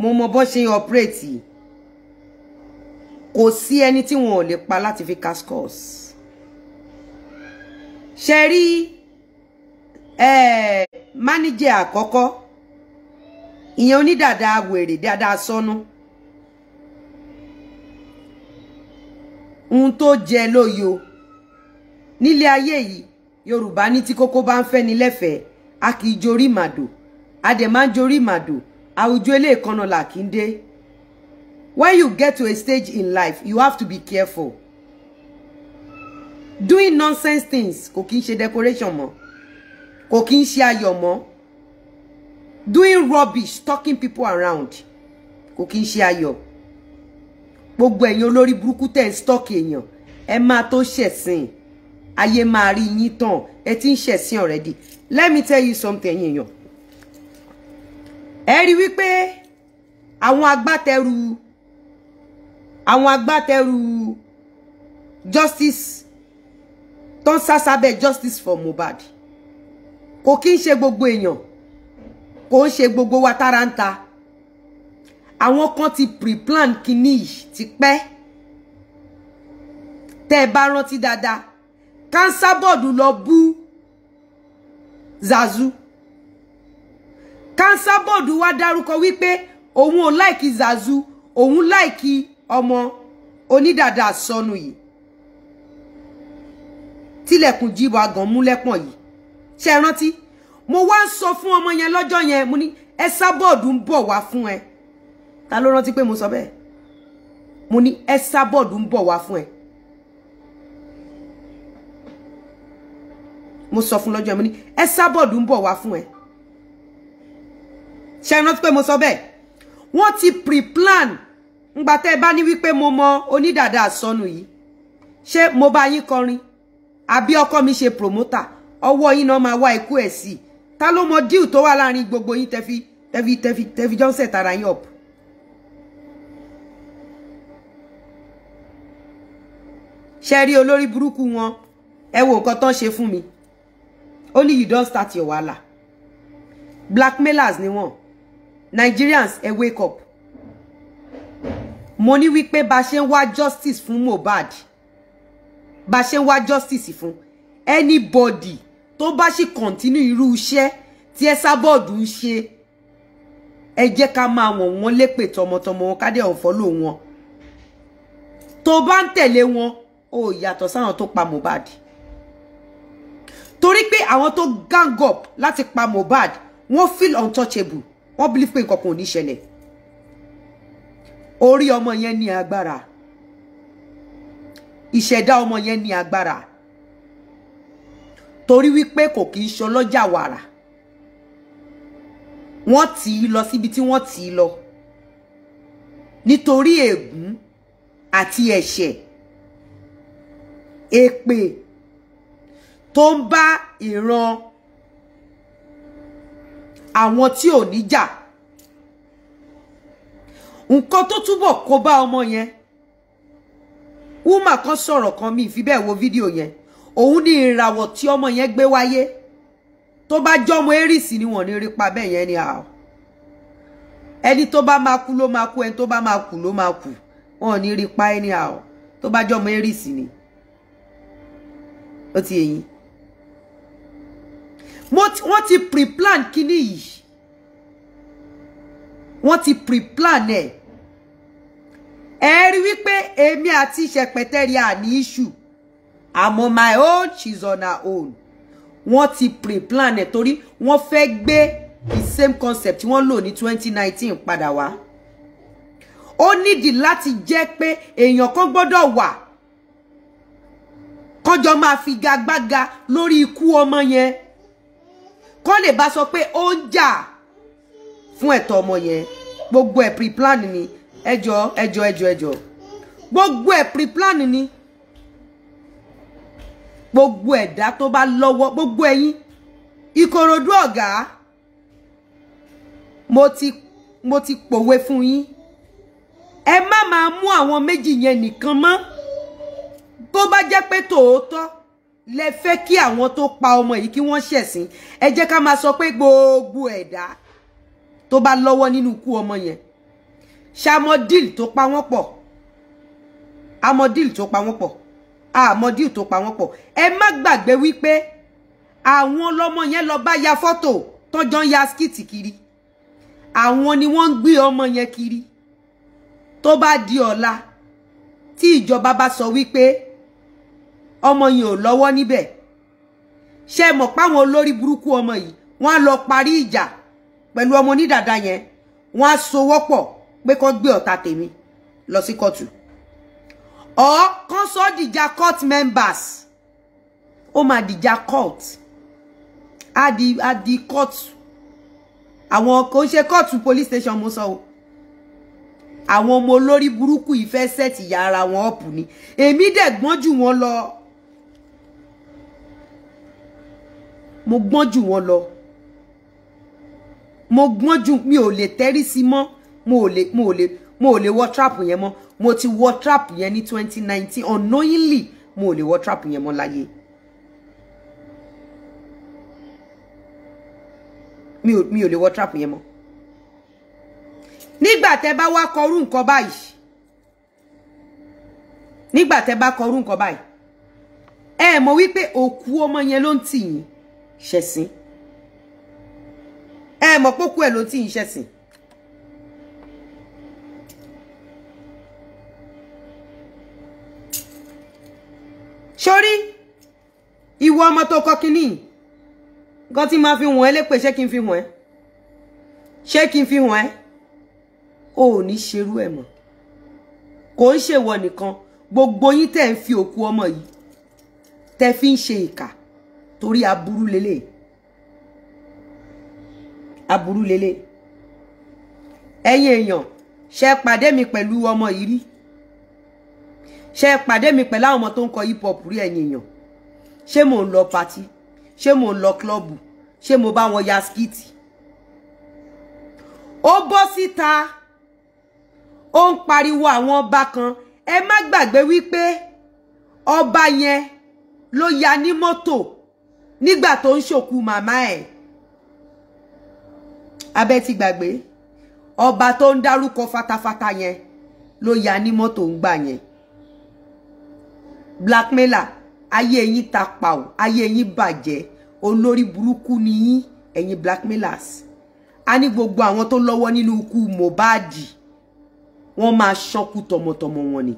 mo mọ bó ṣe ń ọpírẹ́tì kò sí ẹni tí wọn ò lè pa láti fi cascos ṣe rí máníjẹ àkọ́kọ́ ìyẹn onídàdà wèrè dáadáa sọnù ohun tó jẹ lóyo nílé ayé yìí yorùbá ní tí kókó bá ń fẹ́ ni lẹ́fẹ̀ẹ́ a kì í jorí màdò a dẹ̀ máa ń jorí màdò àwùjọ eléyìí kan náà là kí n when you get to a stage in life you have to be careful doing nonsense things kò kí n ṣe decoration mọ́ kò kí n ṣe ayọ̀ mọ́ doing rubbish talking people around kò kí n ṣe ayọ̀ gbogbo ẹ̀yin olórí burúkú tẹ̀ ń stock èèyàn ẹ máa tó ṣẹ̀sìn ayé máa rí yín tàn ẹ ti ń ṣẹ̀sìn already let me tell you something èèyàn ẹ rí wípé àwọn agbátẹrù àwọn agbátẹrù justice tó ń sásábẹ́ justice for Mohbad kò kí ń ṣe gbogbo èèyàn kò ń ṣe gbogbo wa tára ń ta àwọn kan ti pre-plan kinní yìí ti pẹ́ tẹ́ ẹ bá rántí dáadáa kánsá bọ́ọ̀dù lọ bú Zazu kánsá bọ́ọ̀dù wá dárúkọ wípé òun ò láìkí zazu òun láìkí ọmọ onídàdà sọnù yìí tilẹ̀kùn jíbo agàn múlẹ́pọ̀n yìí ṣe rántí mo wá ń sọ fún ọmọ yẹn lọ́jọ́ yẹn mo ní ẹ sá bọ́ọ̀dù ń bọ̀ wá fún ẹ ta ló rántí pé mo sọ bẹ́ẹ̀ mo ní ẹ sá bọ́ọ̀dù ń bọ̀ wá fún ẹ mo sọ fún lọ́jọ́ yẹn mo ní ẹ sá bọ́ọ̀dù ń bọ̀ wá fún ẹ ṣe rántí pé mo sọ bẹ́ẹ̀ wọ́n ti pre-plan ngbà tẹ́ ẹ bá ní wípé mo mọ onídàáda àsọnù yìí ṣé mo bá yín kọrin àbí ọkọ mi ṣe promoter ọwọ́ yín náà máa wá ikú ẹ̀ sí i ta ló mọ díù tó wà láàrin gbogbo yín tẹ́fi tẹ́fi tẹ́fi tẹ́fi jọ́nsẹ̀ tara yín ọ̀pọ̀. ṣe rí olórí burúkú wọn ẹ wo nǹkan tán ṣe fún mi only you don't start your wahala blackmailers ni wọn Nigerians ẹ wake up Money ní wípé bá ṣe ń justice fún Mohbad bá ṣe ń justice fún anybody to bá ṣì continue irú iṣẹ́ tí ẹ sábọọdù ń ṣe ẹ jẹ́ ká máa wọ̀n wọ́n lépè tọmọtọmọ wọn ká dé ọfọlọ wọn tó bá ń tẹ̀lé wọn ó yàtọ̀ sáwọn tó pa Mohbad torí pé àwọn tó gang up láti pa Mohbad wọ́n feel untouchable wọ́n believe pé nǹkan kan ò ní ṣẹlẹ̀ orí ọmọ yẹn ní agbára ìṣẹ̀dá ọmọ yẹn ní agbára torí wípé kò kì í ṣọlọ́jà wàrà wọ́n tì í lọ síbi tí wọ́n tì í lọ nítorí ègún àti ẹ̀ṣẹ̀ èpè tó ń bá ìran àwọn tí ò ní jà nǹkan tó túbọ̀ kó bá ọmọ yẹn wúmà kan sọ̀rọ̀ kan mi ìfi bẹ́ẹ̀ wo fídíò yẹn òun ní ìràwọ̀ tí ọmọ yẹn gbé wáyé tó bá jọmọ erìsì ni wọ́n ní rí pa bẹ́ẹ̀ yẹn ni àá ẹni tó bá máa kú ló máa kú ẹni tó bá máa kú ló máa kú wọ́n ní rí pa ẹni àá tó bá jọmọ erìsì ni ó ti yẹ yín wọ́n ti pre-plan kíní yìí wọ́n ti pre-plan ẹ̀ ẹ rí wípé èmi àti ṣẹpẹtẹrì àní issue àmọ́ my own she's on her own wọ́n ti pre-plan ẹ̀ torí wọ́n fẹ́ gbé the same concept tí wọ́n lò ní 2019 padà wá ó nídìí láti jẹ́ pé èèyàn kan gbọ́dọ̀ wà kọjọ́ máa figagbága lórí ikú ọmọ yẹn wọ́n lè bá sọ pé ó ń jà fún ẹ̀tọ́ ọmọ yẹn gbogbo ẹ̀ pre-plan ni ẹjọ́ ẹjọ́ ẹjọ́ ẹjọ́ gbogbo ẹ̀ pre-plan ni gbogbo ẹ̀dá tó bá lọ́wọ́ gbogbo ẹ̀yin Ìkòròdú ọ̀gá mo ti mo ti pòwe fún yín ẹ má máa mú àwọn méjì yẹn nìkan mọ́ tó bá jẹ́ pé tòótọ́ lẹ fẹ́ kí àwọn tó pa ọmọ yìí kí wọ́n ṣẹ̀sín ẹ jẹ́ ká máa sọ pé gbogbo ẹ̀dá tó bá lọ́wọ́ nínú ikú ọmọ yẹn ṣàmọ́dìl tó pa wọ́n pọ̀ àmọ́dìl tó pa wọ́n pọ̀ àmọ́dìl tó pa wọ́n pọ̀ ẹ má gbàgbé wípé àwọn ọlọ́mọ yẹn lọ bá ya fọ́tò tọ́jọ́ ń ya skìtì kiri àwọn ni wọ́n ń gbé ọmọ yẹn kiri tó bá di ọ̀la tí ìjọba bá sọ wípé ọmọ yìí ò lọ́wọ́ níbẹ̀ ṣe mọ̀ páwọn olórí burúkú ọmọ yìí wọ́n á lọ parí ìjà pẹ̀lú ọmọ onídàáda yẹn wọ́n á sowọ́pọ̀ pé kó gbé ọ̀tá tèmi lọ sí kóòtù ọ̀ kán sọ dìjà court members ó máa dìjà court á di á di court àwọn kò ń ṣe court police station mo sọ o àwọn ọmọ olórí burúkú yìí fẹ́ sẹ́ẹ̀tì ìyá ara wọn ọ̀pù ni èmi dẹ̀ gbọ́n jù wọ́n lọ. mo gbọ́n jù wọ́n lọ mo gbọ́n jù mi ò lè tẹ́rí sí mọ́ mo ò lè mo ò lè mo ò lè wọ trap yẹn mọ́ mo ti wọ trap yẹn ní 2019 unknowingly mo ò lè wọ trap yẹn mọ́ láyé. mi ò mi ò lè wọ trap yẹn mọ́ nígbà tẹ́ bá wá kọrú nǹkan báyìí nígbà tẹ́ bá kọrú nǹkan báyìí ẹ mọ̀ wípé òkú ọmọ yẹn ló ń tì yín ṣẹ̀sìn ẹ mọ̀ pókú ẹ̀ ló ti ń ṣẹ̀sìn. sórí ìwọ ọmọ tó kọ kínní nǹkan tí máa fi hùn ẹ́ lépè ṣé kí n fi hùn ẹ́ ṣé kí n fi hùn ẹ́ ò ní ṣerú ẹ̀ mọ́ kò ń ṣèwọ nìkan gbogbo yín tẹ́ ń fi òkú ọmọ yìí tẹ́ fi ń ṣe ìkà torí aburú lélẹ̀ aburú lélẹ̀ ẹ̀yin èèyàn ṣe pàdé mi pẹ̀lú ọmọ yìí rí ṣe pàdé mi pẹ̀lú àwọn ọmọ tó ń kọ hip hop rí ẹ̀yin èèyàn ṣé mò ń lọ patí ṣé mò ń lọ klọ́ọ̀bù ṣé mo bá wọn ya skiti ó bọ́ síta ó ń pariwo àwọn ọba kan ẹ má gbàgbé wípé ọba yẹn ló ya ní mọ́tò nígbà tó ń ṣòkú màmá ẹ̀ abẹ́ ti gbàgbé ọba tó ń dárúkọ fatafata yẹn ló ya ní mọ́tò ń gbà yẹn blackmailer ayé yín ta pàù ayé yín bàjẹ́ olórí burúkú ni yín ẹ̀yin blackmailers a ní gbogbo àwọn tó lọ́wọ́ nínú ikú Mohbad wọ́n máa ṣọ́kú tọmọtọmọ wọn ni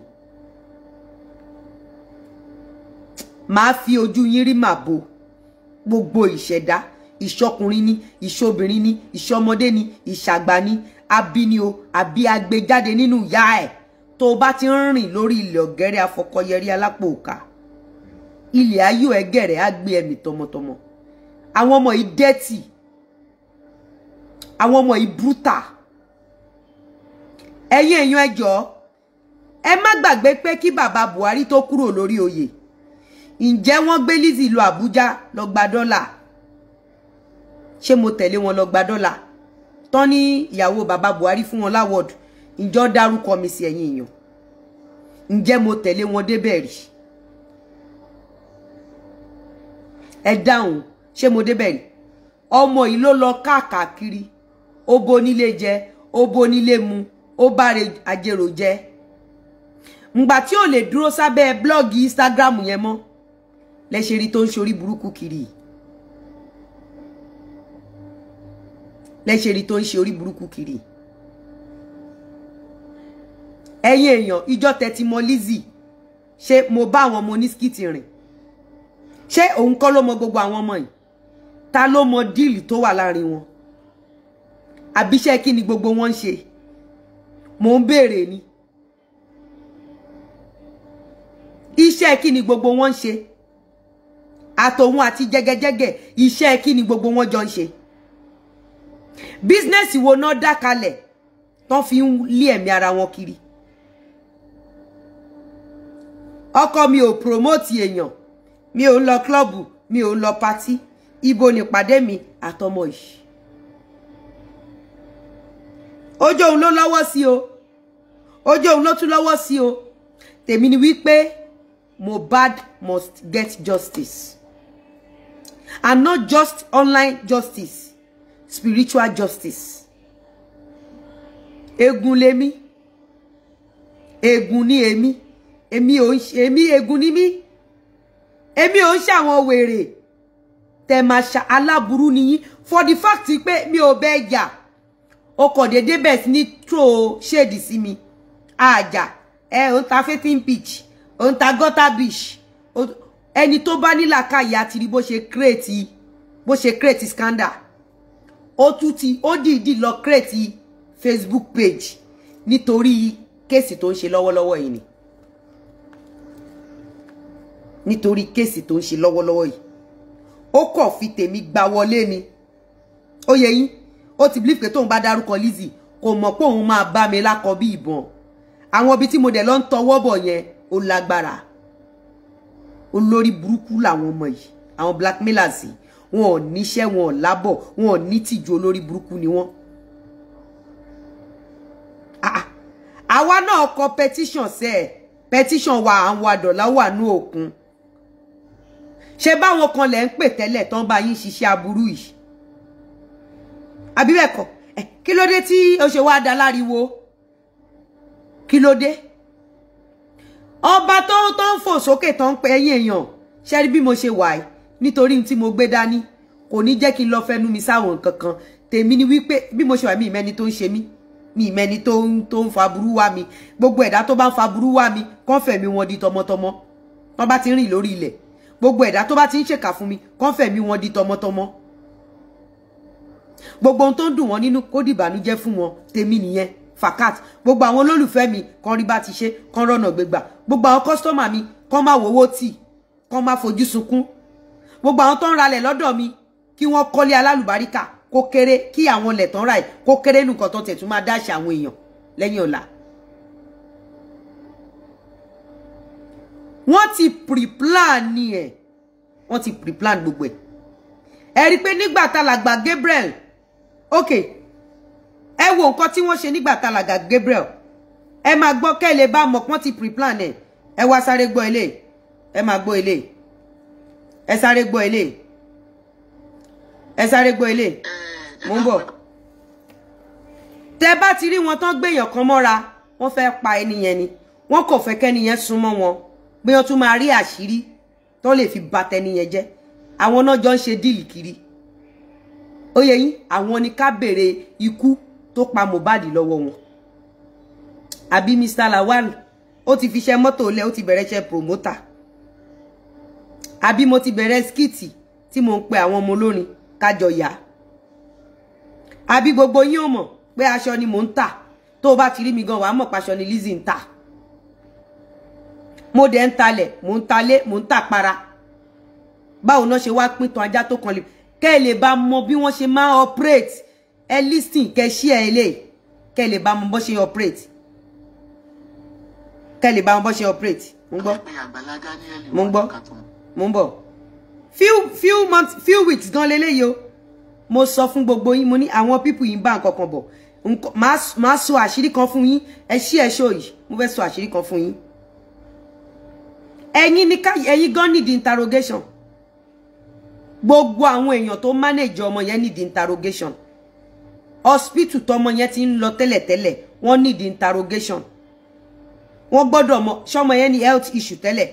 màá fi ojú yín rí màbo gbogbo ìṣẹ̀dá ìṣọkùnrin ni ìṣobìnrin ni ìṣọmọdé ni ìṣàgbà ni abíni o àbí agbèjáde nínú ìyá ẹ̀ tó o bá ti ń rìn lórí ilẹ̀ ọ̀gẹ́rẹ́ afọkọyẹrí alápò òkà ilẹ̀ ayé ẹgẹ̀rẹ́ á gbé ẹ̀mí tọmọtọmọ àwọn ọmọ yìí dẹ́tì àwọn ọmọ yìí brúta ẹ̀yin èèyàn ẹ jọ̀ọ́ ẹ má gbàgbé pé kí bàbá Buhari tó kúrò lórí oyè ǹjẹ́ wọ́n gbé Lizzy lọ Àbújá lọ gba dọ́là ṣé mo tẹ̀lé wọn lọ gba dọ́là tán ní ìyàwó bàbá Buhari fún wọn láwọ̀dù ǹjọ́ dárúkọ mi sí ẹ̀yìn èèyàn ǹjẹ́ mo tẹ̀lé wọn débẹ̀ rí ẹ dáhùn ṣé mo débẹ̀ rí ọmọ yìí ló lọ káàkiri ó bo nílé jẹ ó bo nílé mu ó báre ajérò jẹ ngbà tí ò lè dúró sábẹ́ blọọgì Instagram yẹn mọ́ lẹ́ṣẹ̀ rí tó ń ṣorí burúkú kiri lẹ́ṣẹ̀ rí tó ń ṣe orí burúkú kiri ẹ̀yin èèyàn ìjọ tẹ́tí mọ Lizzy ṣé mo bá àwọn ọmọ oníṣkìtì rìn ṣé òun kọ́ ló mọ gbogbo àwọn ọmọ yìí ta ló mọ díìlì tó wà láàrin wọn àbíṣẹ́ kí ni gbogbo wọn ń ṣe mò ń béèrè ni iṣẹ́ kí ni gbogbo wọn ń ṣe àtòun àti jẹgẹjẹgẹ iṣẹ́ kí ni gbogbo wọn jọ ń ṣe bísínẹ́sì wo náà dá kalẹ̀ tán fi ń lé ẹ̀mí ara wọn kiri ọkọ mi ò promote èèyàn mi ò ń lọ klọ́ọ̀bù mi ò ń lọ patí ibo nípàdé mi àtọmọ yìí ojú òun ló lọ́wọ́ sí o ojú òun ló tún lọ́wọ́ sí o tèmi ni wípé Mohbad must get justice and not just online justice spiritual justice egun lèmi egun ni èmi èmi ò èmi egun ni mí èmi ò ń ṣe àwọn wèrè tẹ máa ṣa aláburú for the fact pé mi ò bẹ jà ọkọ̀ déédéé bẹ̀ sí ní tó ṣèdí sí mi àjà ẹ ò ń ta fifteen pitch ò ta gutter beach ẹni tó bá ní làákàyè àti rí bó ṣe kírètì bó ṣe kírètì scandal ó tún ti ó dìídì lọ kírètì Facebook page nítorí kéèsì tó ń ṣe lọ́wọ́lọ́wọ́ yìí ni nítorí kéèsì tó ń ṣe lọ́wọ́lọ́wọ́ yìí ó kọ̀ fi tèmi gba wọlé ni ó yẹ yín ó ti believe pé tóun bá dárúkọ Lizzy kò mọ̀ pé òun máa bá mi lákọ bí ìbọn àwọn ibi tí mo dẹ̀ lọ ń tọwọ́ bọ̀ yẹn ó lágbára olórí burúkú làwọn ọmọ yìí àwọn blackmailers yìí wọn ò níṣẹ́ wọn ò lábọ̀ wọn ò ní tìjú olórí burúkú ni wọ́n. Ah, ah. àwa náà kọ petition sẹ́ ẹ̀ petition wa à ń wa dọ̀là wà ní òkun ṣé báwọn kan lẹ̀ ń pè tẹ́lẹ̀ tán bá yín ṣiṣẹ́ aburú yìí àbí bẹ́ẹ̀ kọ́ kí ló dé tí o ṣe wá da láriwo kí ló dé ọba tó tó ń fò sókè tó ń pẹ ẹ̀yin èèyàn ṣe rí bí mo ṣe wà yìí nítorí tí mo gbé dání kò ní jẹ́ kí n lọ fẹnu mi sáwọn nǹkan kan tèmi ni wípé bí mo ṣe wà mí ìmẹ́ni tó ń ṣe mí mi ìmẹ́ni tó ń tó ń fa burú wá mi gbogbo ẹ̀dá tó bá ń fa burú wá mi kàn fẹ̀mí wọn di tọmọtọmọ tán bá ti ń rìn lórí ilẹ̀ gbogbo ẹ̀dá tó bá ti ń ṣèkà fún mi kàn fẹ̀mí wọn di tọmọtọmọ gbogbo ohun tó ń dùn wọn nínú kó dìbànújẹ́ fún wọn tèmi nìyẹn fakat gbogbo àwọn olólùfẹ́ mi kan rí bá ti ṣe kan rọ̀nà gbégbà gbogbo àwọn kọ́sítọ́mà mi kan máa wowó tì kan máa fojú sunkún gbogbo àwọn tó ń ralẹ̀ lọ́dọ̀ mi kí wọ́n kọ́lé alálùbáríkà kó kéré kí àwọn ilẹ̀ tán ra ẹ̀ kó kéré nǹkan tó tẹ̀ tún máa dáṣà àwọn èèyàn lẹ́yìn ọ̀la. wọ́n ti pre-plan ni ẹ̀ wọ́n ti pre-plan gbogbo ẹ̀ ẹ̀ rí i pé nígbà tá làgbà Gabriel okay ẹ wo nǹkan tí wọ́n ṣe nígbà Alàgbà Gabriel ẹ máa gbọ́ kẹ́ lè bá mọ̀ pọ́n ti pre-plan ẹ̀ ẹ wá sáré gbọ́ ilé ẹ máa gbọ́ ilé ẹ sáré gbọ́ ilé ẹ sáré gbọ́ ilé mò ń bọ̀ tẹ bá ti rí wọn tán gbèyàn kan mọ́ra wọ́n fẹ́ pa ẹni yẹn ni wọ́n kò fẹ́ kẹ́ni yẹn súnmọ́ wọn pé wọ́n tún máa rí àṣírí tó lè fi bà tẹni yẹn jẹ́ àwọn náà jọ ń ṣe díìlì kiri ó yín àwọn ni ká béèrè ikú tó pa Mohbad lọ́wọ́ wọn àbí Mr Lawal ó ti fi ṣe mọ́tò lẹ̀ ó ti bẹ̀rẹ̀ ṣe promoter àbí mo ti bẹ̀rẹ̀ skiti tí mo ń pe àwọn ọmọ olórin kájọ yá àbí gbogbo yín ò mọ̀ pé aṣọ ni mò ń tà tó o bá ti rí mi gan wàá mọ̀ paṣọ ni Lizzy ń tà mo dẹ̀ ń talẹ̀ mò ń talé mò ń tàpara báwo náà ṣe wá pín tan ajá tó kan lè kẹ́ ẹ lè bá mọ bí wọ́n ṣe máa operate ẹ listing kẹ ṣí ẹ lè kẹ lè bá mọ bó ṣe operate kẹ lè bá mọ bó ṣe operate mo ń gbọ́ mo gbọ́ mo ń bọ̀ few few months few weeks gan leléyìí o mo sọ fún gbogbo yín mo ní àwọn pípù yìí ń bá nǹkan kan bọ̀ màá sọ àṣírí kan fún yín ẹ ṣí ẹ ṣó yìí mo fẹ́ sọ àṣírí kan fún yín ẹ̀yin ní ká ẹ̀yin gan nídìí interrogation gbogbo àwọn èèyàn tó manage ọmọ yẹn nídìí interrogation hospital tọmọ yẹn ti ń lọ tẹ́lẹ̀tẹ́lẹ̀ wọ́n need interrogation wọ́n gbọ́dọ̀ mọ̀ ṣọ́mọ yẹn ni health issue tẹ́lẹ̀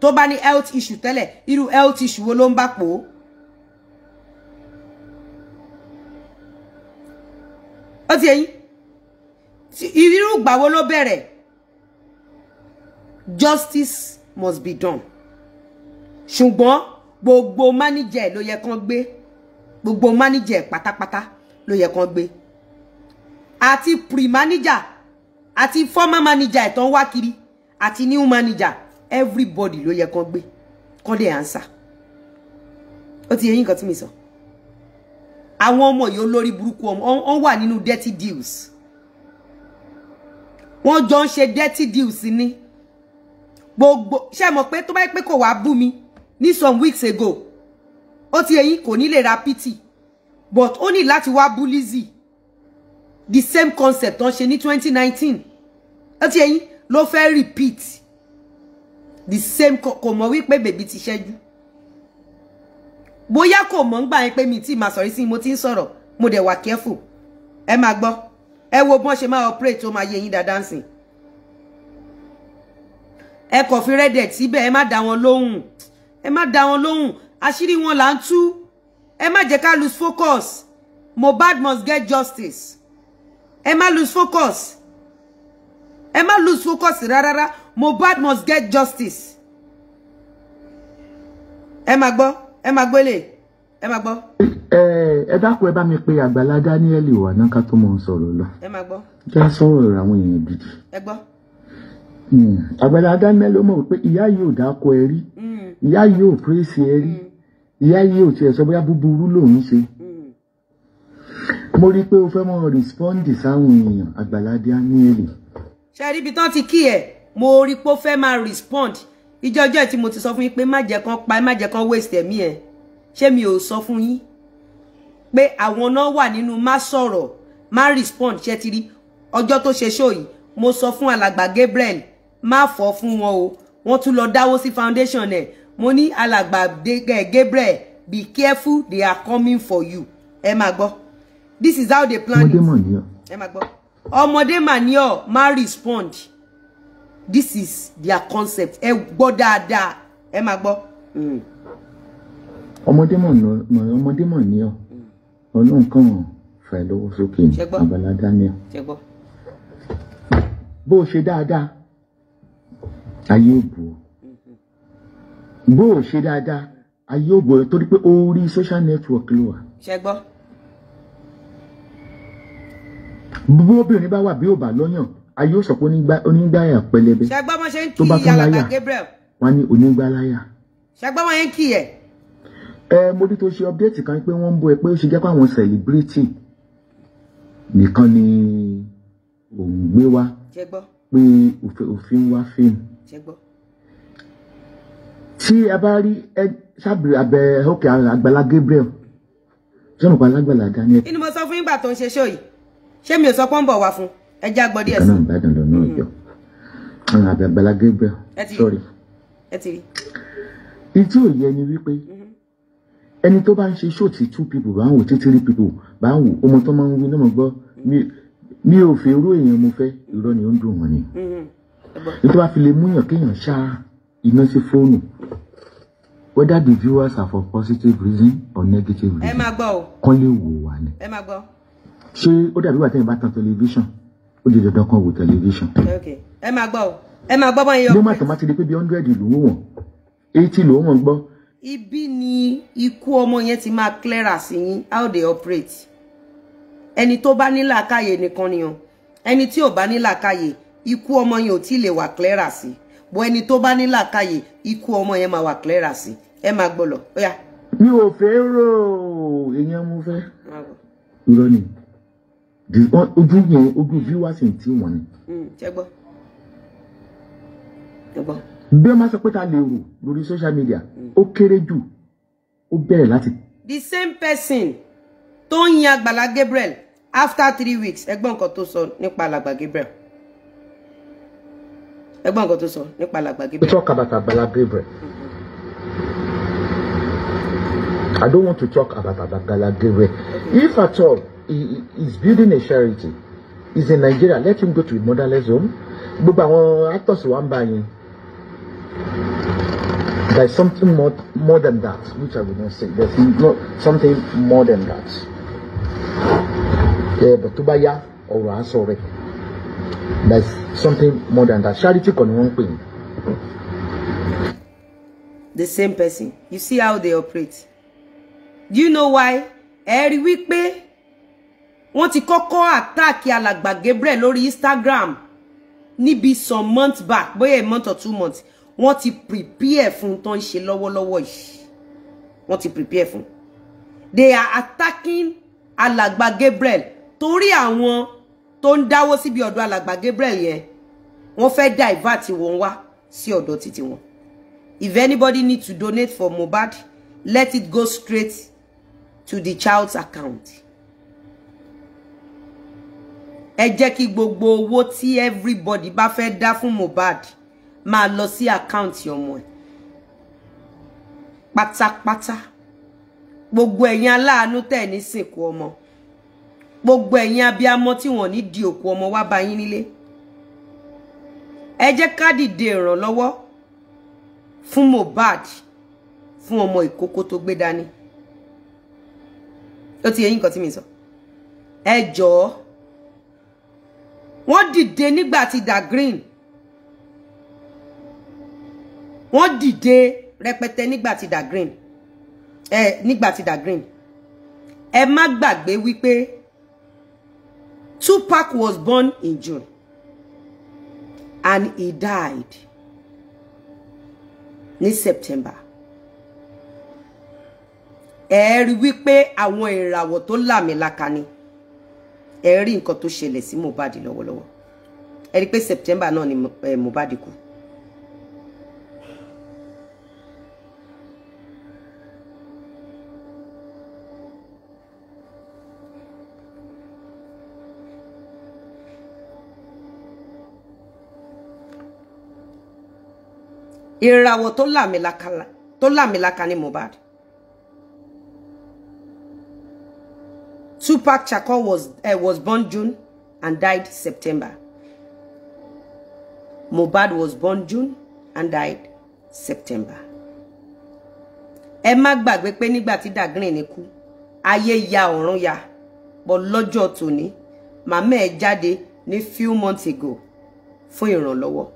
tó bá ní health issue tẹ́lẹ̀ irú health issue wo ló ń bá pò ó. ó ti ẹyin irú ìgbà wo ló bẹ̀rẹ̀ justice must be done ṣùgbọ́n gbogbo manager ló yẹ kán gbé gbogbo manager pátápátá ló yẹ kán gbé àti pre manager àti former manager ẹ̀ wá kiri àti new manager everybody ló yẹ kán gbé kán dé answer ó ti yẹ yín nǹkan tí mi sọ àwọn ọmọ yìí olórí burúkú ọmọ wọn wà nínú dirty deals wọ́n jọ ń ṣe dirty deals ni gbogbo ṣe mọ̀ pé tó bá yẹ pé kò wá bú mi ní some weeks ago ó ti yẹ yín kò ní lè ra pity but ó ní láti wá bú the same concept tó ń ṣe ní 2019 ó ti ẹ̀yin ló fẹ́ repeat the same kò mọ̀ wípé bèbí ti ṣẹ́jú bóyá kò mọ̀ ń gbà yẹn pé mi tí màá sọ̀rí sí mo ti ń sọ̀rọ̀ mo dẹ̀ wà careful ẹ máa gbọ́ ẹ wo bọ́n ṣe máa operate tó máa yẹ yín dáadáa sìn ẹ kọ̀ fi rẹ́dẹ̀t síbẹ̀ ẹ má dá wọn lóhùn ẹ má dá wọn lóhùn àṣírí wọn là ń tú ẹ má jẹ́ ká lose focus Mohbad must get justice ẹ má lose focus ẹ má lose focus rárá Mohbad must get justice ẹ má gbọ́ ẹ má gbélé ẹ má gbọ́. ẹ dákun ẹ bá mi pe Àgbàlá Daniel wà náà ká tó mọ sọ̀rọ̀ lọ. ẹ má gbọ́. já sọ̀rọ̀ àwọn èèyàn gidi. ẹ gbọ́. Hmm. Àgbàlá Daniel ló mọ̀ pé ìyá yóò dákọ ẹ rí hmm. ìyá yóò pèsè ẹ rí. Hmm ìyá yìí ò tiẹ̀ sọ bóyá búburú lòun ṣe mo rí i pé o fẹ́ mọ rìspọ́ǹdì sáwọn èèyàn Àgbàlá Daniel. ṣe rí ibi tán ti kí ẹ mo rí i pé o fẹ́ máa respond ìjọjọ́ tí mo ti sọ fún yín pé má jẹ́ kán pa má jẹ́ kán waste ẹ̀mí ẹ̀ ṣé mi ò sọ fún yín pé àwọn náà wà nínú má sọ̀rọ̀ má respond ṣe ti rí ọjọ́ tó ṣe ṣó yìí mo sọ fún alàgbà Gabriel má fọ́ fún wọn o wọ́n tún lọ dáwó sí foundation ẹ̀ mo ní alàgbà Gabriel be careful they are coming for you ẹ máa gbọ́ this is how they plan it ẹ máa gbọ́ ọmọdé mà ní ọ má respond this is their concept ẹ gbọ́ dáadáa ẹ máa gbọ́. Hmm. ọmọdé mà ní ọ ọmọdé mà ní ọ hmm. ọlọ́run kàn án fẹ́ lọ́wọ́ sókè ní abala Daniel bó o ṣe dáadáa ayé ò bù ọ bó o ṣe dáadáa ayé ògbó rẹ torí pé orí social network ló wà. ṣe gbọ́. bóbìnrin bá wà bí ò bá lọ́yàn ayé ò sọ pé onígbáyà pẹlẹbẹ. ṣe gbọ́ mo ṣe ń kí ìyàlàgbà Gabriel. wọ́n ní onígbáláyà. ṣe gbọ́ mo ṣe ń kí ẹ̀. ẹ mo ní tó ṣe update kan pé wọ́n ń bú ẹ pé ó ṣe jẹ́ pé àwọn celebrity nìkan ni òun gbé wá pé òfin wá fíìmù. ṣe gbọ́ tí a bá rí ẹ sábìrì abẹ òkè àgbàlá Gabriel ṣé mo pa alágbàlá ga ni. inú mo sọ fún ìgbà tó ń ṣe ṣó yìí ṣé mi ò sọ pọ́ńbọ̀ wá fún ẹ já gbọ́ díẹ̀ sí. kanáà ìbàdàn lọ náà yọ àgbàlá Gabriel sorry. ìtí òye ni wípé ẹni tó bá ń ṣe ṣó tí two people bá ń wò tí three people bá ń wò ọmọ tó máa ń wí náà mo gbọ́ mi ò fẹ́ irú èèyàn mo fẹ́ irọ́ ni ó ń dùn wọ́n ni nítorí mm-hmm. wàá fi lè mú yàn kéèyàn iná sí fóònù whether the viewers are for positive reason or negative reason. ẹ máa gbọ́ o. kán lè wò wá ni. ẹ máa gbọ́. ṣé ó dàbí wà tẹ́yìn bá tan tẹlifíṣàn ó di dandan kan wò tẹlifíṣàn. ẹ máa gbọ́ o ẹ máa gbọ́ báyìí. ló má tàn má ti di pé bí hundred ló ń wọ̀n eighty ló ń wọ̀n gbọ́. ibi ni ikú ọmọ yẹn ti máa clearer sí yín how they operate ẹni tó bá ní làákàyè nìkan ni o ẹni tí ò bá ní làákàyè ikú ọmọ yẹn ò tí ì lè wà clearer sí i bọ́ ẹni tó bá ní làákàyè ikú ọmọ yẹn máa wà clearer sí ẹ máa gbọ́ lọ ó mi ò fẹ́ rò èèyàn mo fẹ́ irọ́ ni ojú yẹn ojú viewers ń tí wọ́n ni. Mm, ṣe gbọ́ ṣe gbọ́. bí wọ́n máa sọ pé ta lè rò lórí social media mm. ó kéré jù ó bẹ̀rẹ̀ láti. the same person tó ń yan Àgbàlá Gabriel after three weeks ẹgbọ́n nǹkan tó sọ nípa Alàgbà Gabriel ẹgbọ́n nǹkan tó sọ nípa alàgbà Gabriel. we talk about Agbala Gabriel. I don't want to talk about Agbala Gabriel. If at all he is building a charity, is in Nigeria, let him go to motherless home. Gbogbo àwọn actors wa ń bá yín. There is something more, more than that, which I would not say. There is no, something more than that. Yeah, but tó bá yá, ọ̀rọ̀ á sọ rẹ̀. There's something more than that charity kan ni wọ́n ń pè the same person you see how they operate do you know why Every week, wípé wọ́n ti kọ́kọ́ attack alàgbà Gabriel lórí Instagram be some months back Boy, a month or two months wọ́n ti prepare for? tó ń ṣe lọ́wọ́lọ́wọ́ yìí wọ́n prepare for? they are attacking alàgbà Gabriel a one tó ń dáwó síbi ọ̀dọ̀ alàgbà Gabriel yẹn wọ́n fẹ́ divert wọn wá sí ọ̀dọ̀ títí wọn if anybody need to donate for Mohbad let it go straight to the child's account ẹ jẹ́ kí gbogbo owó tí everybody bá fẹ́ dá fún Mohbad máa lọ sí àkáǹtì ọmọ ẹ̀ pátápátá gbogbo ẹ̀yin aláàánú tẹ̀ ní sìnkú ọmọ gbogbo ẹ̀yin abiyamọ tí wọ́n ní di òkú ọmọ wá bá yín nílé ẹ jẹ́ ká dìde ìrànlọ́wọ́ fún Mohbad fún ọmọ ìkókó tó gbé dání ó ti yé yín nǹkan tí mi sọ ẹ jọ̀ọ́ wọ́n dìde nígbà tí Da Green wọ́n dìde rẹpẹtẹ nígbà tí Da Green ẹ eh, nígbà tí Da Green ẹ má gbàgbé wípé. Tupac was born in June and he died ní September. Ẹ rí wípé àwọn ìràwọ̀ tó làmìlaka ni ẹ rí nǹkan tó ṣẹlẹ̀ sí Mohbad lọ́wọ́lọ́wọ́ ẹ rí pé September náà ni eh, Mohbad kú. ìràwọ̀ tó làmìlaka tó làmìlaka ni Mohbad Tupac Shakur was uh, was born June and died September Mohbad was born June and died September ẹ má gbàgbé pé nígbà tí Dagrin ni kú ayé ya ọ̀run ya bọ́ lọ́jọ́ tòní màmá ẹ̀ jáde ní few months ago fún ìrànlọ́wọ́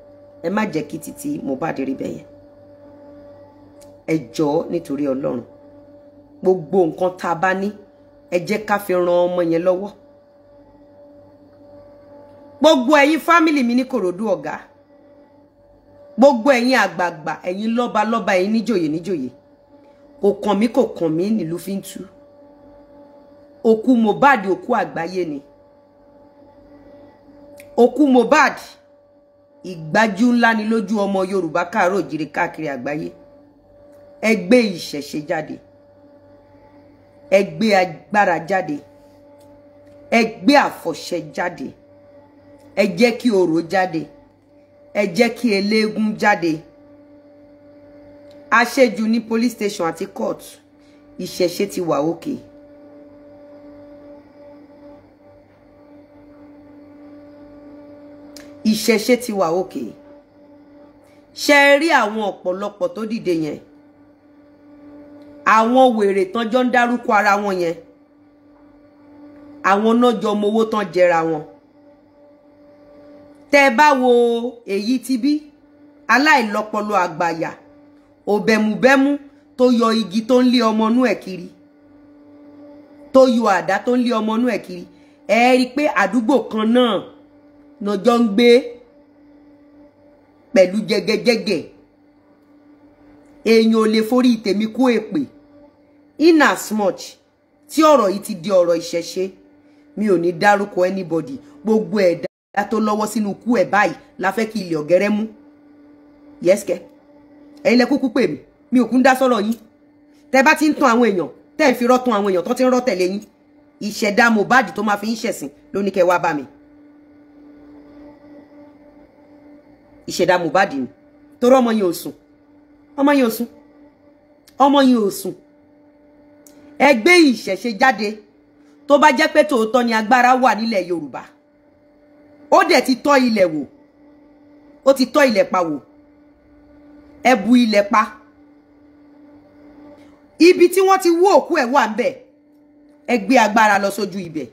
ẹ má jẹ́ kí títí Mohbad rí bẹ́ẹ̀ yẹn ẹ jọ̀ọ́ nítorí Ọlọ́run gbogbo nǹkan tá a bá ní ẹ jẹ́ ká fi ran ọmọ yẹn lọ́wọ́ gbogbo ẹ̀yin fámìlì mi ní Kòròdú ọ̀gá gbogbo ẹ̀yin àgbààgbà ẹ̀yin lọ́ba lọ́ba ẹ̀yin níjòyè níjòyè kò kàn mí kò kàn mí nílùú fi ń tú òkú Mohbad òkú àgbáyé ni òkú Mohbad ìgbájú ńlá ni lójú ọmọ Yorùbá káàárọ̀ òjìrì káàkiri àgbáyé ẹ gbé ìṣẹ̀ṣe jáde ẹ gbé agbára jáde ẹ gbé jáde ẹ kí orò jáde ẹ kí eléégún jáde àṣejù ní police station àti court ìṣẹ̀ṣe ti wà òkè. Okay ìṣẹ̀ṣe ti wà òkè ṣe rí àwọn ọ̀pọ̀lọpọ̀ tó dìde yẹn àwọn wèrè tán jọ ń dárúkọ ara wọn yẹn àwọn náà jọ mowó tán jẹra wọn tẹ bá wo èyí ti bí aláìlọ́pọlọ àgbàyà òbẹ̀mùbẹ́mú tó yọ igi tó ń lé ọmọ inú kiri tó yọ àdá tó ń lé ọmọ inú kiri ẹ rí i pé àdúgbò kan náà nàjọ ń gbé pẹ̀lú jẹgẹjẹgẹ èèyàn ò lè forí tèmi kú èpè in as much tí ọ̀rọ̀ yìí ti di ọ̀rọ̀ ìṣẹ̀ṣe mi ò ní dárúkọ anybody gbogbo ẹ̀dá tó lọ́wọ́ sínú ikú ẹ̀ báyìí la fẹ́ kí ilẹ̀ ọ̀gẹ́rẹ́ mú yẹ́sìkẹ́ ẹ̀yin lẹ kúkú pè mí mi ò kún dá sọ̀rọ̀ yín tẹ bá ti ń tan àwọn èèyàn tẹ́ ń fi rọ́ tan àwọn èèyàn tó ti ń rọ́ ìṣẹ̀dá Mohbad tó máa fi ń ṣẹ̀sìn ló wá bá mi ìṣẹ̀dá Mohbad ni torí ọmọ yẹn ò sùn ọmọ yẹn ò sùn ọmọ yẹn ò sùn ẹ gbé jáde tó bá jẹ́ pé tòótọ́ ni agbára wà nílẹ̀ Yorùbá ó dẹ̀ ti tọ́ ilẹ̀ wò ó ti tọ́ ilẹ̀ pa wò ẹ bu ilẹ̀ pa ibi tí wọ́n ti wó òkú ẹ̀ wà ń bẹ̀ ẹ gbé agbára lọ sójú ibẹ̀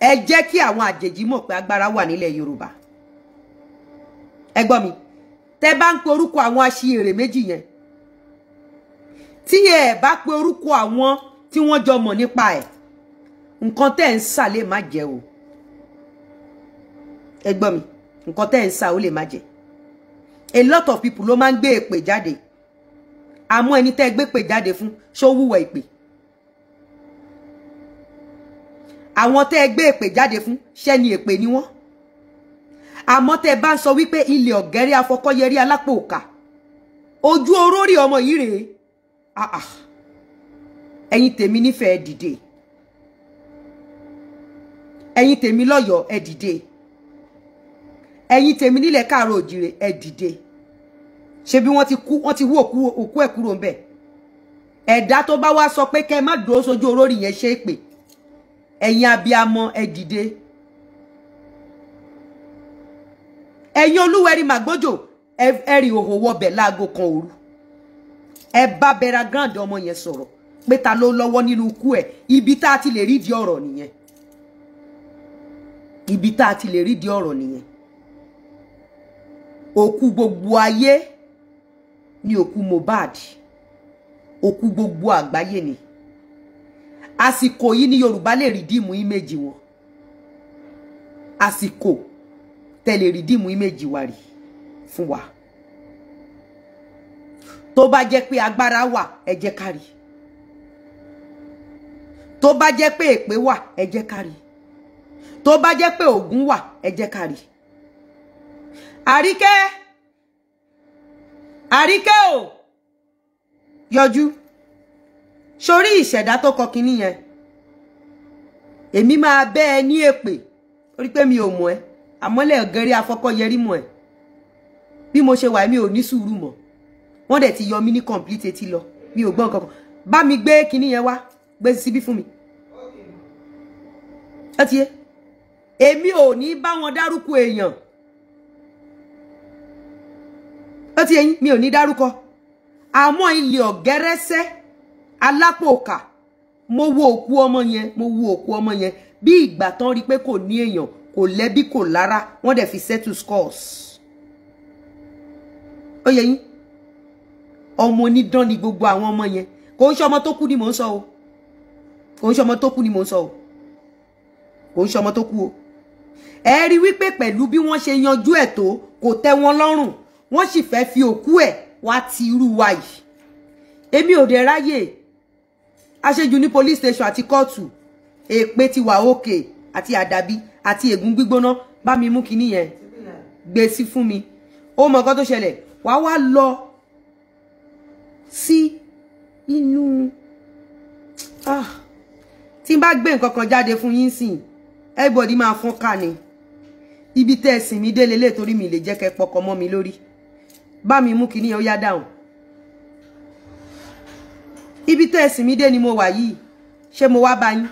ẹ jẹ́ kí àwọn àjèjì mọ̀ pé agbára wà nílẹ̀ Yorùbá ẹ mi tẹ́ bá ń pe orúkọ àwọn aṣiyèrè méjì yẹn tí ẹ bá pe orúkọ àwọn tí wọ́n jọ mọ̀ nípa ẹ̀ nǹkan tẹ́ ń sà lè má jẹ́ o ẹ mi nǹkan tẹ́ ń sà ó lè má jẹ́ a lot of people ló máa ń gbé èpè jáde àmọ́ ẹni tẹ́ gbé pè jáde fún ṣó wúwọ̀ ìpè àwọn tẹ́ gbé èpè jáde fún ṣẹ́ni èpè ni wọ́n àmọ́ tẹ́ ẹ bá ń sọ wípé ilẹ̀ ọ̀gẹ́rẹ́ afọkọ́yẹrí alápò òkà ojú orórì ọmọ yìí rèé ah, ah. ẹ̀yin tèmi nífẹ̀ẹ́ dìde ẹ̀yin tèmi lọ́yọ̀ọ́ ẹ dìde ẹ̀yin tèmi nílẹ̀ káàárọ̀ òjìrè ẹ dìde ṣe bí wọ́n ti kú wọ́n ti wú òkú òkú ẹ̀ kúrò ńbẹ̀ ẹ̀dá tó bá wá sọ pé kẹ́ ẹ má dúró sójú orórì yẹn ṣe pè ẹ̀yin abiyamọ ẹ dìde. ẹ̀yin olúwẹ̀rí màgbójò ẹ rí òhò wọbẹ̀ láago kan òru ẹ bá bẹra grand ọmọ yẹn sọ̀rọ̀ pé ta ló lọ́wọ́ nínú ikú ẹ̀ ibi tá a ti lè rídìí ọ̀rọ̀ nìyẹn ibi tá a ti lè rídìí ọ̀rọ̀ nìyẹn òkú gbogbo ayé ni òkú Mohbad òkú gbogbo àgbáyé ni àsìkò yìí ni Yorùbá lè rídìmù íméjì wọn àsìkò tẹ̀lé rìdíìmù ìmẹ̀jì wa rì fún wa tó bá jẹ́ pé agbára wà ẹ jẹ́ ká rí tó bá jẹ́ pé èpè wà ẹ jẹ́ ká tó bá jẹ́ pé ògùn wà ẹ jẹ́ ká àríkẹ́ àríkẹ́ o yọjú sórí ìṣẹ̀dá tó kọ kinní yẹn èmi máa bẹ́ ẹ ní èpè orí pé mi ò mọ̀ ẹ́ àmọ́lẹ̀ ọ̀gẹ́rẹ́ afọ́kọ́ yẹrí mọ̀ ẹ̀ bí mo ṣe wà mí ò ní sùúrù mọ̀ wọ́n dẹ̀ ti yọ mí ní complete etí lọ mi ò gbọ́ nǹkan kan bá mi gbé kinní yẹn wá gbé síbí fún mi ẹ ti yé èmi ò ní bá wọn dárúkọ èèyàn ó ti yẹyin mi ò ní dárúkọ àmọ́ ilé ọ̀gẹ́rẹ́sẹ́ alápòkà mo wo òkú ọmọ yẹn mo wo òkú ọmọ yẹn bí ìgbà tán rí pé kò ní èèyàn kò lẹ́bí kò lára wọ́n dẹ̀ fi settle scores ó yẹ yín ọmọ onídán ni gbogbo àwọn ọmọ yẹn kò ń ṣe ọmọ tó kú ni mò ń sọ o kò ń ṣe ọmọ tó kú ni mò ń sọ o kò ń ṣe ọmọ tó kú o ẹ rí wípé pẹ̀lú bí wọ́n ṣe yanjú ẹ̀ tó kò tẹ́ wọn lọ́rùn wọ́n sì fẹ́ fi òkú ẹ̀ wá ti irú wa yìí èmi ò dẹ̀ ráyè àṣejù ní police station àti kóòtù èpè ti wà òkè àti àdàbí àti ègún gbígbóná bá mi mú kinní yẹn gbé sí fún mi ó mọ nǹkan tó ṣẹlẹ̀ wàá wá lọ sí inú ah, tí n bá gbé nǹkan kan jáde fún yín sìn everybody máa fún ká ni ibi tẹ́ ẹ̀sìn mi délé lè mi lè jẹ́ kẹ́ pọkọ mọ́ mi lórí bá mi mú kinní yẹn ó yá dáhùn ibi tẹ́ ẹ̀sìn mi dé ni mo wà yìí ṣé mo wá bá yín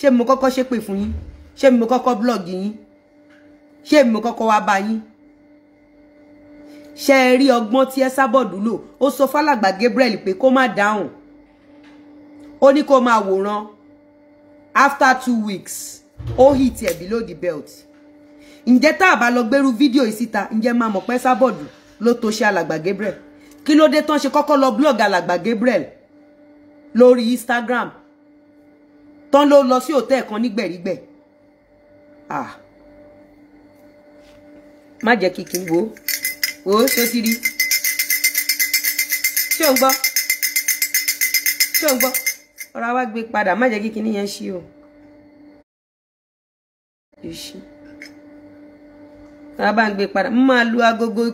ṣé mo kọ́kọ́ ṣépè fún yín ṣé mo kọ́kọ́ blọ́ọ̀gì yín ṣé mo kọ́kọ́ wá bá yín ṣe rí ọgbọ́n tí ẹ sábọ̀dù lò ó sọ fálàgbà Gabriel pé kó má dáhùn ó ní kó máa wòran after two weeks ó hì tiẹ̀ below the belt ǹjẹ́ tá a bá lọ gbẹ́rú fídíò yìí síta ǹjẹ́ máa mọ̀ pé sábọ̀dù ló tó ṣe alàgbà Gabriel kí ló dé tán ṣe kọ́kọ́ lọ blog alàgbà Gabriel lórí Instagram tán ló lọ sí òtẹ́ẹ̀ kan nígbẹ̀rígbẹ̀ ah má jẹ́ kíkì wo wo tó ti rí ṣé ò ń gbọ́ ṣé ò ń gbọ́ ọ̀rọ̀ wa gbé padà má jẹ́ kíkì níyẹn ṣí o èṣí ọ̀rọ̀ bá ń gbé padà mo máa lu agogo